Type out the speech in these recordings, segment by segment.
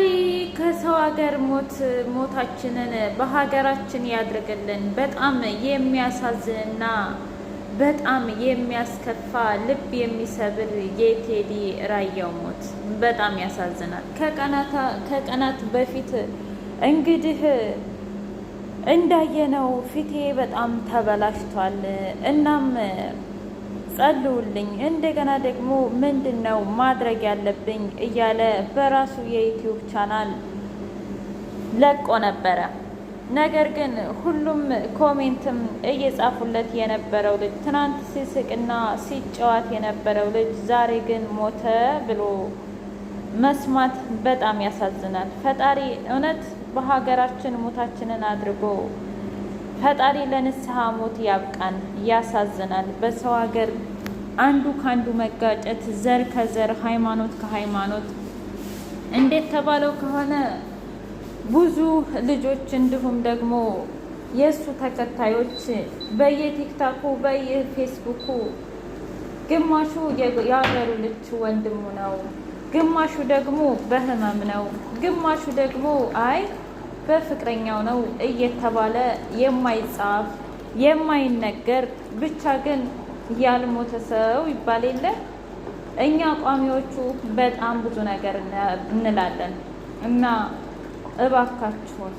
ዛሬ ከሰው ሀገር ሞት ሞታችንን በሀገራችን ያድርግልን። በጣም የሚያሳዝንና በጣም የሚያስከፋ ልብ የሚሰብር የቴዲ ራያው ሞት በጣም ያሳዝናል። ከቀናት በፊት እንግዲህ እንዳየነው ፊቴ በጣም ተበላሽቷል። እናም ጸልውልኝ፣ እንደገና ደግሞ ምንድን ነው ማድረግ ያለብኝ እያለ በራሱ የዩትዩብ ቻናል ለቆ ነበረ። ነገር ግን ሁሉም ኮሜንትም እየጻፉለት የነበረው ልጅ ትናንት ሲስቅና ሲጫወት የነበረው ልጅ ዛሬ ግን ሞተ ብሎ መስማት በጣም ያሳዝናል። ፈጣሪ እውነት በሀገራችን ሞታችንን አድርጎ ፈጣሪ ለንስሐ ሞት ያብቃን። ያሳዝናል። በሰው ሀገር አንዱ ከአንዱ መጋጨት፣ ዘር ከዘር፣ ሃይማኖት ከሃይማኖት እንዴት ተባለው ከሆነ ብዙ ልጆች እንዲሁም ደግሞ የእሱ ተከታዮች በየቲክታኩ በየፌስቡኩ ግማሹ የአገሩ ልጅ ወንድሙ ነው፣ ግማሹ ደግሞ በህመም ነው፣ ግማሹ ደግሞ አይ በፍቅረኛው ነው እየተባለ የማይጻፍ የማይነገር ብቻ ግን ያልሞተ ሰው ይባል የለ። እኛ ቋሚዎቹ በጣም ብዙ ነገር እንላለን እና እባካችሁን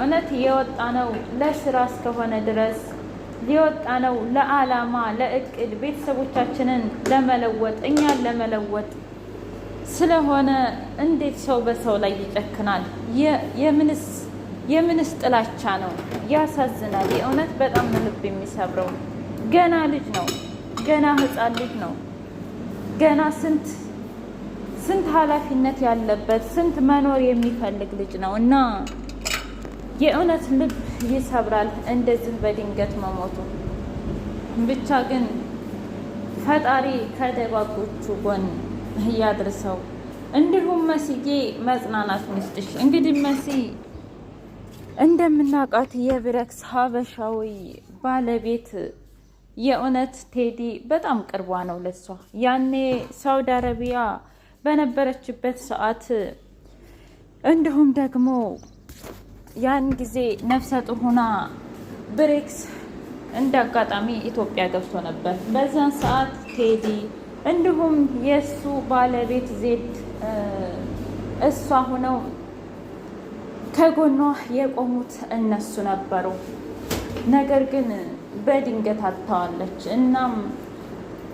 እውነት የወጣ ነው ለስራ እስከሆነ ድረስ የወጣ ነው ለዓላማ ለእቅድ ቤተሰቦቻችንን ለመለወጥ እኛን ለመለወጥ ስለሆነ እንዴት ሰው በሰው ላይ ይጨክናል? የምንስ የምንስ ጥላቻ ነው? ያሳዝናል። የእውነት በጣም ልብ የሚሰብረው ገና ልጅ ነው፣ ገና ህፃን ልጅ ነው። ገና ስንት ስንት ኃላፊነት ያለበት ስንት መኖር የሚፈልግ ልጅ ነው እና የእውነት ልብ ይሰብራል እንደዚህ በድንገት መሞቱ። ብቻ ግን ፈጣሪ ከደጋጎቹ ጎን እያድርሰው። እንዲሁም መስዬ መጽናናት ይስጥሽ። እንግዲህ መሲ እንደምናውቃት የብረክስ ሀበሻዊ ባለቤት የእውነት ቴዲ በጣም ቅርቧ ነው ለሷ። ያኔ ሳውዲ አረቢያ በነበረችበት ሰዓት እንዲሁም ደግሞ ያን ጊዜ ነፍሰ ጡር ሆና ብሬክስ እንደ አጋጣሚ ኢትዮጵያ ገብቶ ነበር። በዛን ሰዓት ቴዲ እንዲሁም የእሱ ባለቤት ዜድ እሷ ሆነው ከጎኗ የቆሙት እነሱ ነበሩ። ነገር ግን በድንገት አጥተዋለች። እናም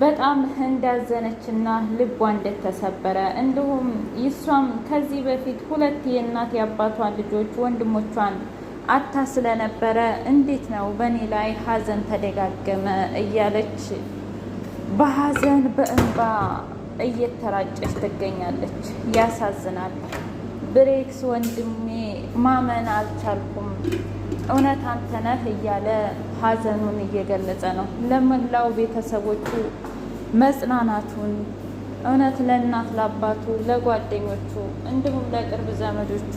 በጣም እንዳዘነች እና ልቧ እንደተሰበረ እንዲሁም ይሷም ከዚህ በፊት ሁለት የእናት የአባቷን ልጆች ወንድሞቿን አታ ስለነበረ እንዴት ነው በእኔ ላይ ሀዘን ተደጋገመ እያለች በሀዘን በእንባ እየተራጨች ትገኛለች። ያሳዝናል። ብሬክስ ወንድሜ ማመን አልቻልኩም፣ እውነት አንተ ነህ እያለ ሀዘኑን እየገለጸ ነው። ለመላው ቤተሰቦቹ መጽናናቱን እውነት ለእናት ለአባቱ፣ ለጓደኞቹ እንዲሁም ለቅርብ ዘመዶቹ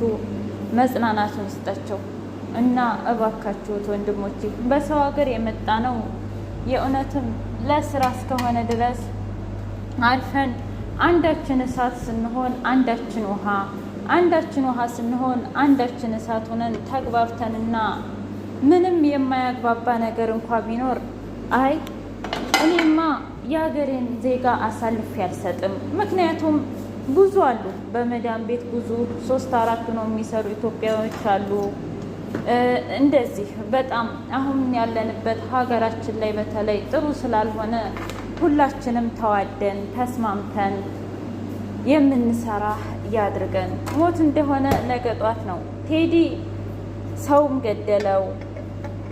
መጽናናቱን ይስጣቸው እና እባካችሁት ወንድሞቼ በሰው ሀገር የመጣ ነው የእውነትም ለስራ እስከሆነ ድረስ አልፈን አንዳችን እሳት ስንሆን አንዳችን ውሃ አንዳችን ውሃ ስንሆን አንዳችን እሳት ሆነን ተግባብተንና ምንም የማያግባባ ነገር እንኳ ቢኖር አይ እኔማ የሀገሬን ዜጋ አሳልፌ አልሰጥም። ምክንያቱም ብዙ አሉ፣ በመዳን ቤት ብዙ ሶስት አራት ነው የሚሰሩ ኢትዮጵያዎች አሉ። እንደዚህ በጣም አሁን ያለንበት ሀገራችን ላይ በተለይ ጥሩ ስላልሆነ ሁላችንም ተዋደን ተስማምተን የምንሰራ ያድርገን። ሞት እንደሆነ ነገ ጧት ነው። ቴዲ ሰውም ገደለው፣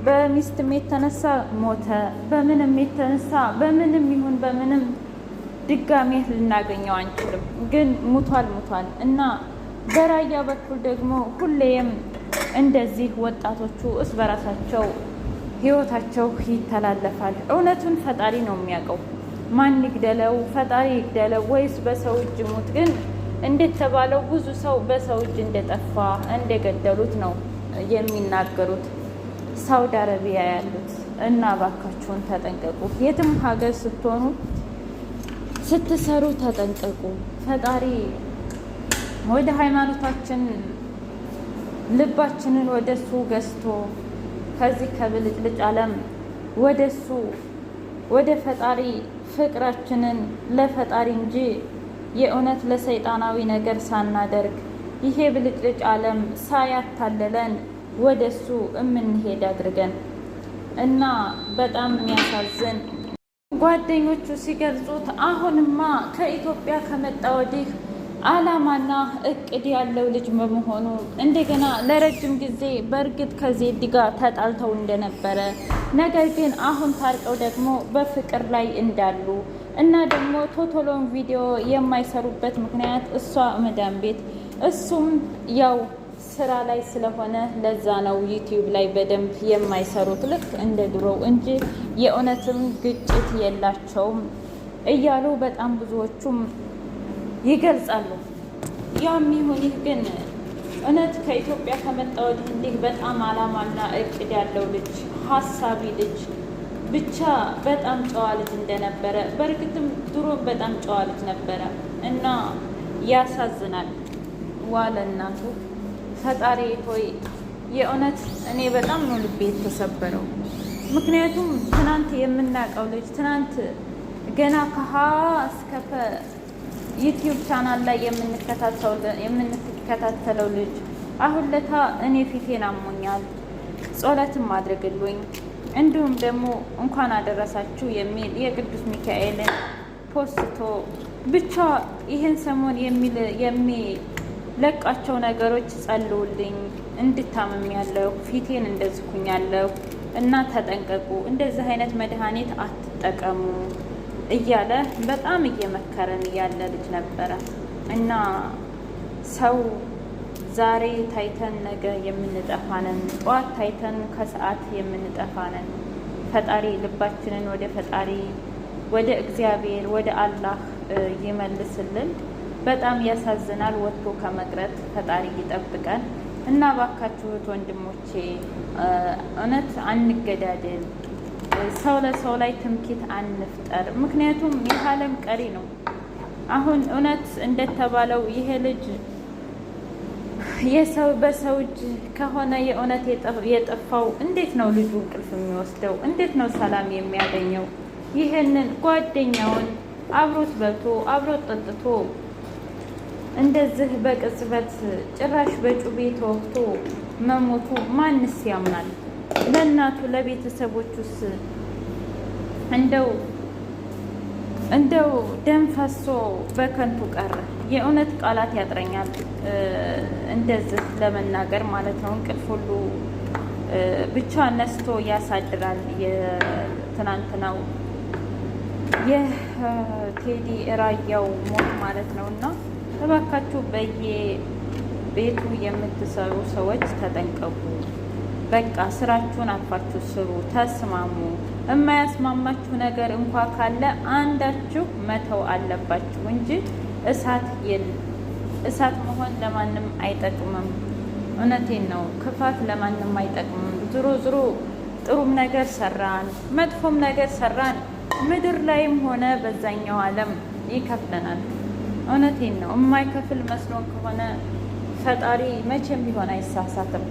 በሚስትም የተነሳ ሞተ። በምንም የተነሳ በምንም ይሁን በምንም ድጋሜ ልናገኘው አንችልም። ግን ሙቷል ሙቷል እና በራያ በኩል ደግሞ ሁሌም እንደዚህ ወጣቶቹ እስ በራሳቸው ህይወታቸው ይተላለፋል። እውነቱን ፈጣሪ ነው የሚያውቀው። ማን ይግደለው? ፈጣሪ ይግደለው ወይስ በሰው እጅ ሙት ግን እንደተባለው ብዙ ሰው በሰው እጅ እንደጠፋ እንደገደሉት ነው የሚናገሩት ሳውዲ አረቢያ ያሉት እና እባካችሁን ተጠንቀቁ። የትም ሀገር ስትሆኑ ስትሰሩ ተጠንቀቁ። ፈጣሪ ወደ ሃይማኖታችን ልባችንን ወደ እሱ ገዝቶ ከዚህ ከብልጭልጭ ዓለም ወደ እሱ ወደ ፈጣሪ ፍቅራችንን ለፈጣሪ እንጂ የእውነት ለሰይጣናዊ ነገር ሳናደርግ ይሄ ብልጭልጭ ዓለም ሳያታለለን ወደ እሱ እምንሄድ አድርገን እና በጣም የሚያሳዝን ጓደኞቹ ሲገልጹት አሁንማ ከኢትዮጵያ ከመጣ ወዲህ ዓላማና እቅድ ያለው ልጅ በመሆኑ እንደገና ለረጅም ጊዜ በእርግጥ ከዜድ ጋር ተጣልተው እንደነበረ ነገር ግን አሁን ታርቀው ደግሞ በፍቅር ላይ እንዳሉ እና ደግሞ ቶቶሎን ቪዲዮ የማይሰሩበት ምክንያት እሷ መዳን ቤት እሱም ያው ስራ ላይ ስለሆነ ለዛ ነው ዩቲዩብ ላይ በደንብ የማይሰሩት ልክ እንደ ድሮው እንጂ የእውነትም ግጭት የላቸውም እያሉ በጣም ብዙዎቹም ይገልጻሉ። ያም ይሁን ይህ ግን እውነት ከኢትዮጵያ ከመጣ ወዲህ እንዲህ በጣም አላማና እቅድ ያለው ልጅ ሀሳቢ ልጅ ብቻ በጣም ጨዋ ልጅ እንደነበረ በእርግጥም ድሮ በጣም ጨዋ ልጅ ነበረ እና ያሳዝናል። ዋለ እናቱ ፈጣሪ ሆይ የእውነት እኔ በጣም ነው ልቤ የተሰበረው። ምክንያቱም ትናንት የምናውቀው ልጅ ትናንት ገና ከሀ እስከ ዩትዩብ ቻናል ላይ የምንከታተለው ልጅ አሁን ለታ እኔ ፊቴን አሞኛል፣ ጸሎትም አድርግልኝ እንዲሁም ደግሞ እንኳን አደረሳችሁ የሚል የቅዱስ ሚካኤልን ፖስቶ ብቻ ይህን ሰሞን የሚለቃቸው ነገሮች ጸልውልኝ፣ እንድታመም ያለሁ ፊቴን ያለሁ እና ተጠንቀቁ፣ እንደዚህ አይነት መድኃኒት አትጠቀሙ እያለ በጣም እየመከረን ያለ ልጅ ነበረ እና ሰው ዛሬ ታይተን ነገ የምንጠፋነን፣ ጠዋት ታይተን ከሰዓት የምንጠፋነን። ፈጣሪ ልባችንን ወደ ፈጣሪ ወደ እግዚአብሔር ወደ አላህ ይመልስልን። በጣም ያሳዝናል። ወጥቶ ከመቅረት ፈጣሪ ይጠብቀን እና ባካችሁት ወንድሞቼ እውነት አንገዳደል። ሰው ለሰው ላይ ትምኪት አንፍጠር። ምክንያቱም ይህ ዓለም ቀሪ ነው። አሁን እውነት እንደተባለው ይሄ ልጅ የሰው በሰው እጅ ከሆነ የእውነት የጠፋው እንዴት ነው ልጁ እንቅልፍ የሚወስደው? እንዴት ነው ሰላም የሚያገኘው? ይህንን ጓደኛውን አብሮት በልቶ አብሮት ጠጥቶ እንደዚህ በቅጽበት ጭራሽ በጩቤ ተወቅቶ መሞቱ ማንስ ያምናል? ለእናቱ ለቤተሰቦቹስ እንደው እንደው ደም ፈሶ በከንቱ ቀረ። የእውነት ቃላት ያጥረኛል። እንደዚህ ለመናገር ማለት ነው። እንቅልፍ ሁሉ ብቻ ነስቶ ያሳድራል። የትናንትናው የቴዲ ራያው ሞት ማለት ነው እና እባካችሁ በየቤቱ የምትሰሩ ሰዎች ተጠንቀቁ። በቃ ስራችሁን አፋችሁ ስሩ፣ ተስማሙ። የማያስማማችሁ ነገር እንኳ ካለ አንዳችሁ መተው አለባችሁ እንጂ እሳት የለም። እሳት መሆን ለማንም አይጠቅምም። እውነቴን ነው። ክፋት ለማንም አይጠቅምም። ዝሮ ዝሮ ጥሩም ነገር ሰራን፣ መጥፎም ነገር ሰራን፣ ምድር ላይም ሆነ በዛኛው ዓለም ይከፍለናል። እውነቴን ነው። የማይከፍል መስሎን ከሆነ ፈጣሪ መቼም ቢሆን አይሳሳትም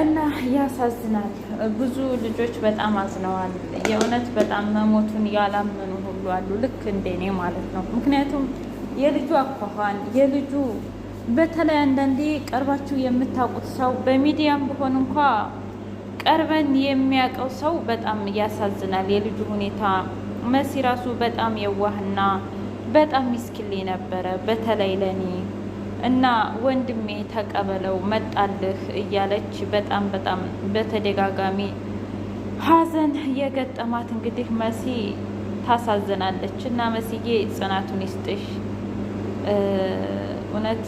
እና ያሳዝናል። ብዙ ልጆች በጣም አዝነዋል። የእውነት በጣም መሞቱን ያላመኑ ሁሉ አሉ፣ ልክ እንደኔ ማለት ነው። ምክንያቱም የልጁ አኳኋን የልጁ በተለይ አንዳንዴ ቀርባችሁ የምታውቁት ሰው በሚዲያም ቢሆን እንኳ ቀርበን የሚያውቀው ሰው በጣም ያሳዝናል። የልጁ ሁኔታ መሲ ራሱ በጣም የዋህና በጣም ሚስኪሌ ነበረ። በተለይ ለኔ እና ወንድሜ ተቀበለው መጣልህ እያለች በጣም በጣም በተደጋጋሚ ሀዘን የገጠማት እንግዲህ መሲ ታሳዝናለች። እና መሲዬ ጽናቱን ይስጥሽ። እውነት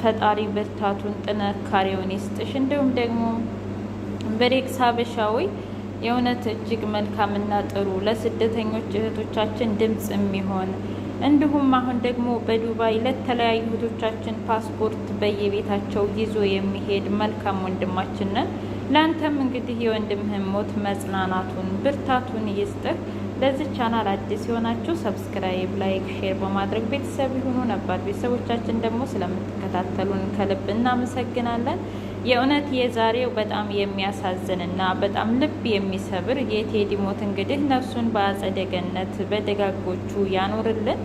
ፈጣሪ ብርታቱን ጥንካሬውን ይስጥሽ። እንዲሁም ደግሞ በሬክስ ሀበሻዊ የእውነት እጅግ መልካምና ጥሩ ለስደተኞች እህቶቻችን ድምፅ የሚሆን እንዲሁም አሁን ደግሞ በዱባይ ለተለያዩ እህቶቻችን ፓስፖርት በየቤታቸው ይዞ የሚሄድ መልካም ወንድማችንን ለአንተም እንግዲህ የወንድምህን ሞት መጽናናቱን ብርታቱን ይስጥህ። ለዚህ ቻናል አዲስ የሆናችሁ ሰብስክራይብ፣ ላይክ፣ ሼር በማድረግ ቤተሰብ ይሁኑ። ነባር ቤተሰቦቻችን ደግሞ ስለምትከታተሉን ከልብ እናመሰግናለን። የእውነት የዛሬው በጣም የሚያሳዝንና በጣም ልብ የሚሰብር የቴዲ ሞት እንግዲህ ነፍሱን በአጸደ ገነት በደጋጎቹ ያኖርልን።